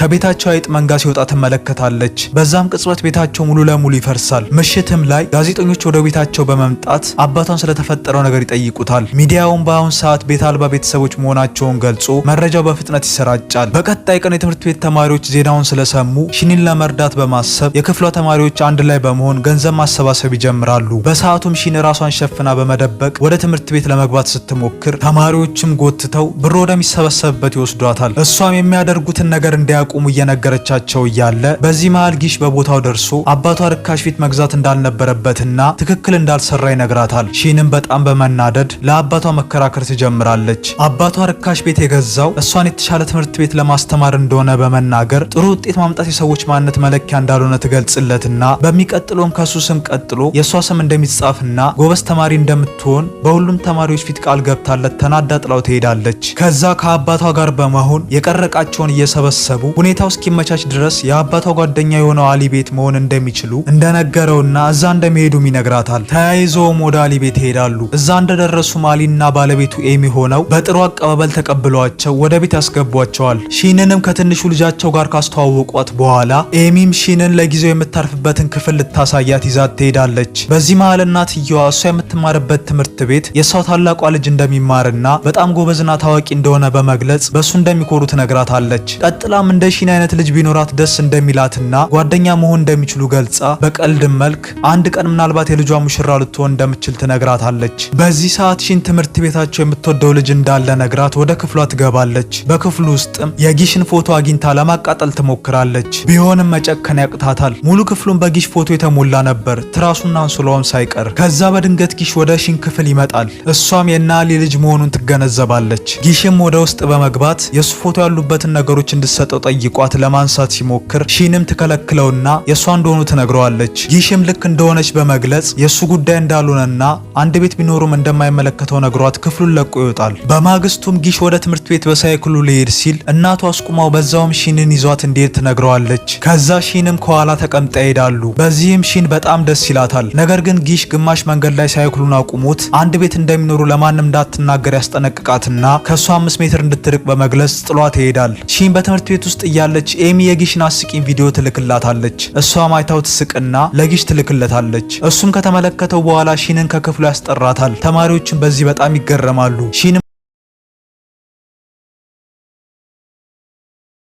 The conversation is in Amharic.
ከቤታቸው አይጥ መንጋ ሲወጣ ትመለከታለች። በዛም ቅጽበት ቤታቸው ሙሉ ለሙሉ ይፈርሳል። ምሽትም ላይ ጋዜጠኞች ወደ ቤታቸው በመምጣት አባቷን ስለተፈጠረው ነገር ይጠይቁታል። ሚዲያውን በአሁን ሰዓት ቤት አልባ ቤተሰቦች መሆናቸውን ገልጾ መረጃው በፍጥነት ይሰራጫል። በቀጣይ ቀን የትምህርት ቤት ተማሪዎች ዜናውን ስለሰሙ ሽኒን ለመርዳት በማሰብ የክፍሏ ተማሪዎች አንድ ላይ በመሆን ገንዘብ ማሰባሰብ ይጀምራሉ። በሰዓቱም ሺን ራሷን ሸፍና በመደበቅ ወደ ትምህርት ቤት ለመግባት ስትሞክር ተማሪዎችም ጎትተው ብር ወደሚሰበሰብበት ይወስዷታል። እሷም የሚያደርጉትን ነገር እንዲ እንዲያቆሙ እየነገረቻቸው እያለ በዚህ መሃል ጊሽ በቦታው ደርሶ አባቷ ርካሽ ፊት መግዛት እንዳልነበረበትና ትክክል እንዳልሰራ ይነግራታል። ሺንም በጣም በመናደድ ለአባቷ መከራከር ትጀምራለች። አባቷ ርካሽ ቤት የገዛው እሷን የተሻለ ትምህርት ቤት ለማስተማር እንደሆነ በመናገር ጥሩ ውጤት ማምጣት የሰዎች ማንነት መለኪያ እንዳልሆነ ትገልጽለትና በሚቀጥለውም ከሱ ስም ቀጥሎ የእሷ ስም እንደሚጻፍና ጎበዝ ተማሪ እንደምትሆን በሁሉም ተማሪዎች ፊት ቃል ገብታለት ተናዳ ጥላው ትሄዳለች። ከዛ ከአባቷ ጋር በመሆን የቀረቃቸውን እየሰበሰቡ ሁኔታው እስኪመቻች ድረስ የአባቷ ጓደኛ የሆነው አሊ ቤት መሆን እንደሚችሉ እንደነገረውና እዛ እንደሚሄዱም ይነግራታል። ተያይዘውም ወደ አሊ ቤት ይሄዳሉ። እዛ እንደደረሱም አሊና ባለቤቱ ኤሚ ሆነው በጥሩ አቀባበል ተቀብሏቸው ወደ ቤት ያስገቧቸዋል። ሺንንም ከትንሹ ልጃቸው ጋር ካስተዋወቋት በኋላ ኤሚም ሺንን ለጊዜው የምታርፍበትን ክፍል ልታሳያት ይዛት ትሄዳለች። በዚህ መሀል እናትየዋ እሷ የምትማርበት ትምህርት ቤት የእሷ ታላቋ ልጅ እንደሚማርና በጣም ጎበዝና ታዋቂ እንደሆነ በመግለጽ በእሱ እንደሚኮሩ ትነግራታለች። ቀጥላ ሀናም እንደ ሺን አይነት ልጅ ቢኖራት ደስ እንደሚላትና ጓደኛ መሆን እንደሚችሉ ገልጻ በቀልድ መልክ አንድ ቀን ምናልባት የልጇ ሙሽራ ልትሆን እንደምችል ትነግራታለች። በዚህ ሰዓት ሺን ትምህርት ቤታቸው የምትወደው ልጅ እንዳለ ነግራት ወደ ክፍሏ ትገባለች። በክፍሉ ውስጥም የጊሽን ፎቶ አግኝታ ለማቃጠል ትሞክራለች። ቢሆንም መጨከን ያቅታታል። ሙሉ ክፍሉን በጊሽ ፎቶ የተሞላ ነበር፣ ትራሱና አንሶላውም ሳይቀር። ከዛ በድንገት ጊሽ ወደ ሺን ክፍል ይመጣል። እሷም የናሊ ልጅ መሆኑን ትገነዘባለች። ጊሽም ወደ ውስጥ በመግባት የእሱ ፎቶ ያሉበትን ነገሮች እንድሰጠው እንድትሰጠው ጠይቋት ለማንሳት ሲሞክር ሺንም ትከለክለውና የእሷ እንደሆኑ ትነግረዋለች። ይህ ልክ እንደሆነች በመግለጽ የእሱ ጉዳይ እንዳልሆነና አንድ ቤት ቢኖሩም እንደማይመለከተው ነግሯት ክፍሉን ለቆ ይወጣል። በማግስቱም ጊሽ ወደ ትምህርት ቤት በሳይክሉ ሊሄድ ሲል እናቱ አስቁማው በዛውም ሺንን ይዟት እንዲሄድ ትነግረዋለች። ከዛ ሺንም ከኋላ ተቀምጣ ይሄዳሉ። በዚህም ሺን በጣም ደስ ይላታል። ነገር ግን ጊሽ ግማሽ መንገድ ላይ ሳይክሉን አቁሞት አንድ ቤት እንደሚኖሩ ለማንም እንዳትናገር ያስጠነቅቃትና ከሷ አምስት ሜትር እንድትርቅ በመግለጽ ጥሏት ይሄዳል። ሺን በትምህርት ቤቱ ቤት ውስጥ እያለች ኤሚ የጊሽን አስቂኝ ቪዲዮ ትልክላታለች። እሷ ማይታው ትስቅና ለጊሽ ትልክለታለች። እሱም ከተመለከተው በኋላ ሺንን ከክፍሉ ያስጠራታል። ተማሪዎችን በዚህ በጣም ይገረማሉ። ሺንም